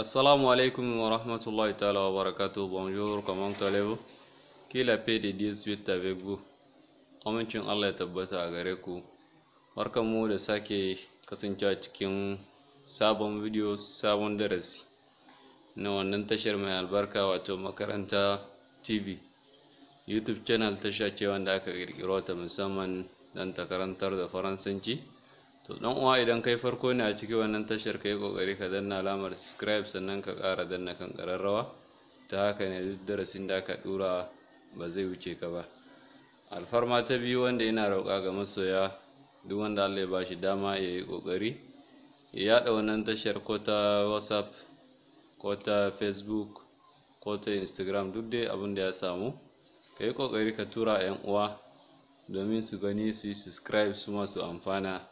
Assalamu alaikum wa rahmatullahi ta'ala wa barakatuh. Bonjour, comment allez-vous? Que la paix de Dieu soit avec vous. Amincin Allah ya tabbata a gare ku. mu da sake kasancewa cikin sabon video, sabon darasi na wannan tashar mai albarka wato makaranta TV. YouTube channel tasha ce wanda aka kirkiro ta musamman don ta da Faransanci. to dan uwa idan kai farko ne a cikin wannan tashar kai kokari ka danna alamar subscribe sannan ka kara danna kan kararrawa ta haka ne duk darasin da aka dura ba zai wuce ka ba alfarma ta biyu wanda yana roƙa ga masoya duk wanda Allah ya ba shi dama ya yi ƙoƙari ya yada wannan tashar ko ta whatsapp ko ta facebook ko ta instagram duk dai abin da ya samu ka yi ƙoƙari ka tura 'yan uwa domin su gani su yi subscribe su masu amfana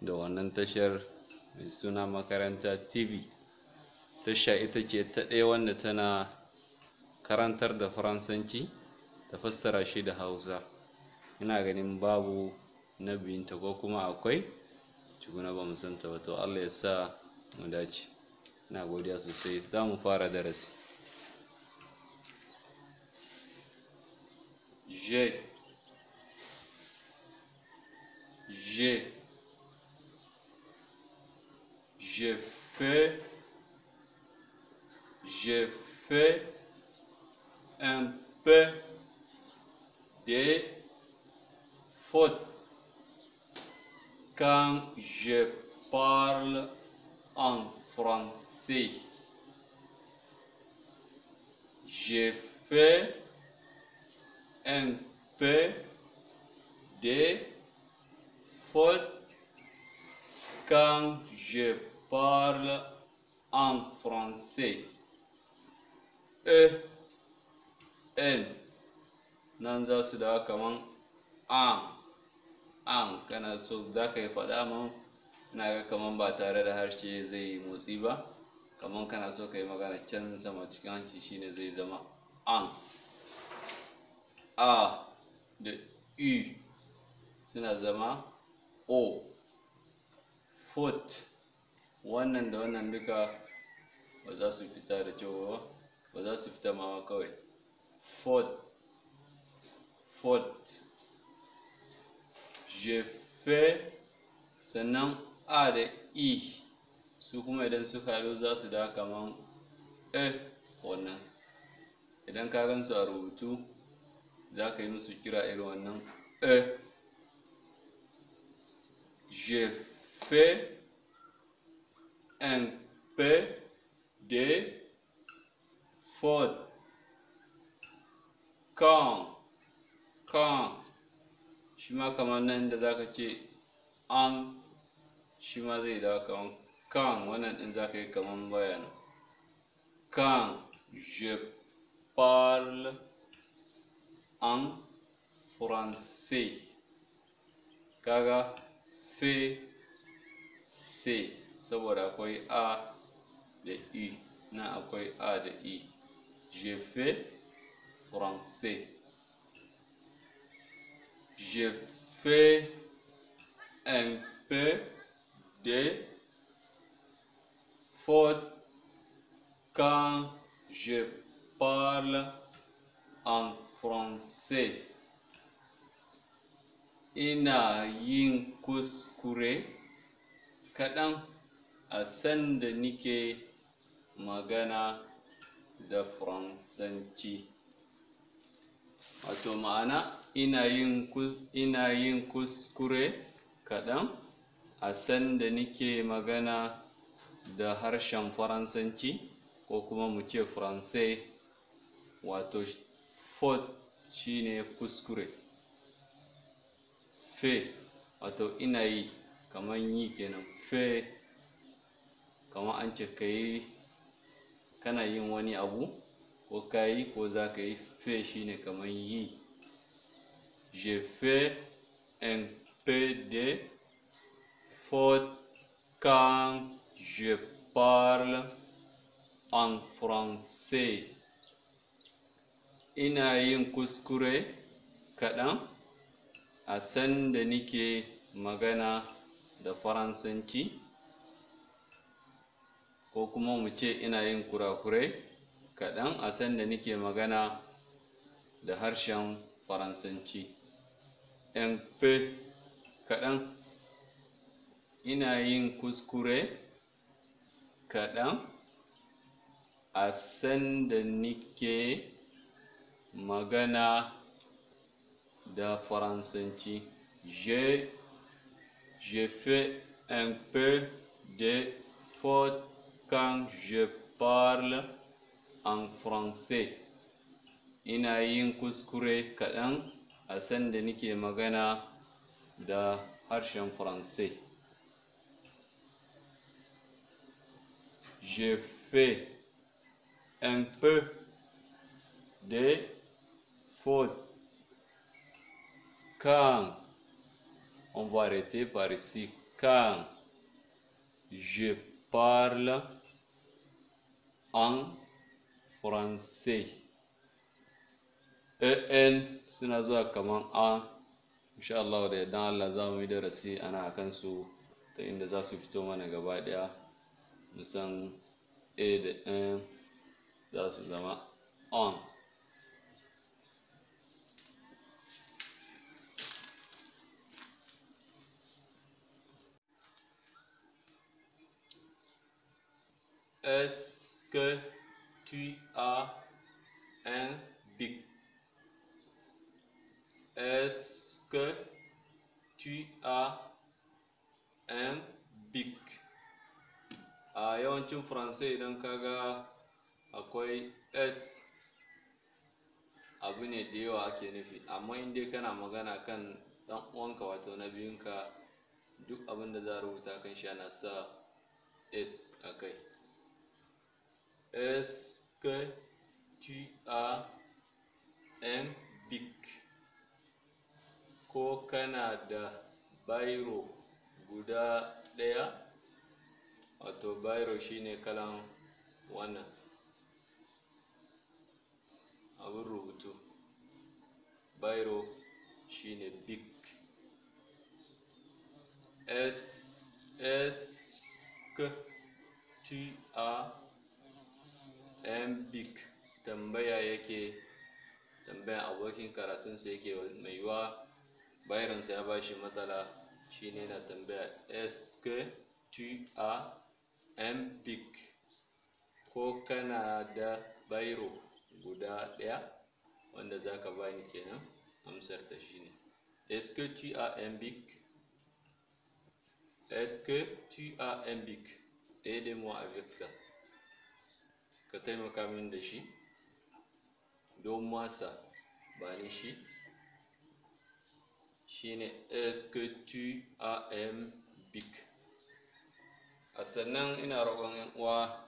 da wannan tashar mai suna makaranta tv tasha ita ce ta ɗaya wanda tana karantar da faransanci ta fassara shi da hausa ina ganin babu na biyunta ko kuma akwai tukuna ba musanta ba allah ya sa mu dace ina godiya sosai za mu fara darasi J. J. j'ai fait, un peu des fautes quand je parle en français. J'ai fait un peu de fautes quand je parle. parle en français. E, En nan za su kaman an, an kana so za ka yi faɗa man na kaman e ba tare da harshe zai yi motsi ba, kaman kana so ka yi e magana can sama cikin hanci shine zai zama an. A da U suna zama O. Foot. wannan da wannan duka ba za su fita da kyau ba ba za su fita ma kawai fort fort jefe sannan a da e su kuma idan suka haɗu za su da kaman e wannan idan ka gansu a rubutu za ka yi musu kira irin wannan e jefe un peu de ford Quand, quand, shi ma kamar nan da za ka ce an shi ma zai dawo kamar kan wannan ɗin za ka yi kamar bayanin. Quand je parle en français, kaga fe, c'est. saboda akwai a da i na akwai a da i je fais français je fais un peu de faute quand je parle en français. Ina yin kuskure kaɗan. a sanda nike magana da Faransanci. Wato ma'ana ina yin kuskure kaɗan a sanda nike magana da harshen Faransanci ko kuma mu ce Faransai wato fort shine kuskure. Fe wato ina yi kamar yi kenan fe kamar an ce ka yi kana yin wani abu ko ka yi ko za ka yi fe shine kamar yi je fais un peu de fort kan je parle en français ina yin kuskure kaɗan a sanda nike magana da faransanci ko kuma mu ce ina yin kurakurai kaɗan a sanda nike magana da harshen faransanci un peu kaɗan ina yin kuskure kaɗan a sanda nike magana da faransanci je je fais un peu de faute quand je parle en français ina yin kuskure kaɗan a sanda nike magana da harshen français je fais un peu de faute. quand on va arrêter par ici quand je parle en français. E suna zuwa kaman a insha Allah da yadda Allah za mu yi darasi ana a kansu ta inda za su fito mana gaba ɗaya musan a da n za su zama on Est-ce que tu as un bic? Est-ce que tu as un bic? A yawancin Faransai idan ka ga akwai S abu ne da yawa ake nufi, amma inda ka kana magana kan ɗan uwanka wato na biyunka duk abinda za a rubuta kan shi ana sa S a kai. Est-ce que tu as un bic? Ko kana da biro guda ɗaya? wato biro shine kalan wannan abin rubutu biro shine big s s ɗayan big tambaya yake tambayan abokin karatunsa yake mai yiwuwa sa ya bashi matsala shi ne yana tambaya sq tr m big ko kana da bayro guda ɗaya wanda za ka bani kenan amsar ta shine sq tr m big sq tr m big aidez-moi avec ça ka taimaka min da shi don masa ba ni shi Shi ne ce Big. a sannan ina roƙon yan uwa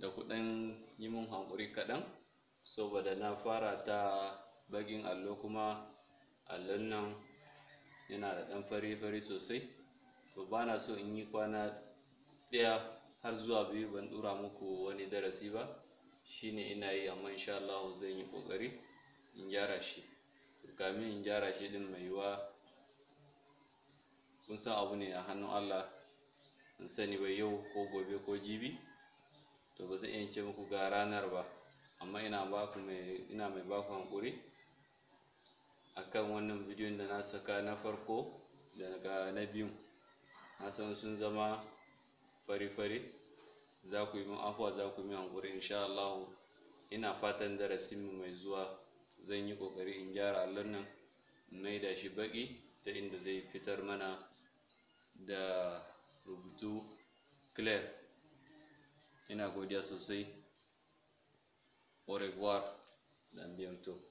da kuɗin yi min hankuri kaɗan saboda na fara ta bagin allo kuma allon nan yana da ɗan fari-fari sosai to ba na so in yi kwana ɗaya har zuwa biyu ban dura muku wani darasi ba shine ina yi amma insha Allah zan yi kokari in gyara shi kamin in gyara shi din mai yiwa kun san abu ne a hannun Allah in sani ba yau ko gobe ko jibi to ba zan iya ce muku ga ranar ba amma ina ku mai ina mai baku hankuri akan wannan bidiyon da na saka na farko daga na biyu na san sun zama fari-fari za ku yi min afuwa za ku yi min hankuri insha Allah ina fatan darasin mu mai zuwa zan yi ƙoƙari in gyara allon nan Mai da shi baki ta inda zai fitar mana da rubutu clear ina godiya sosai au revoir dan bientôt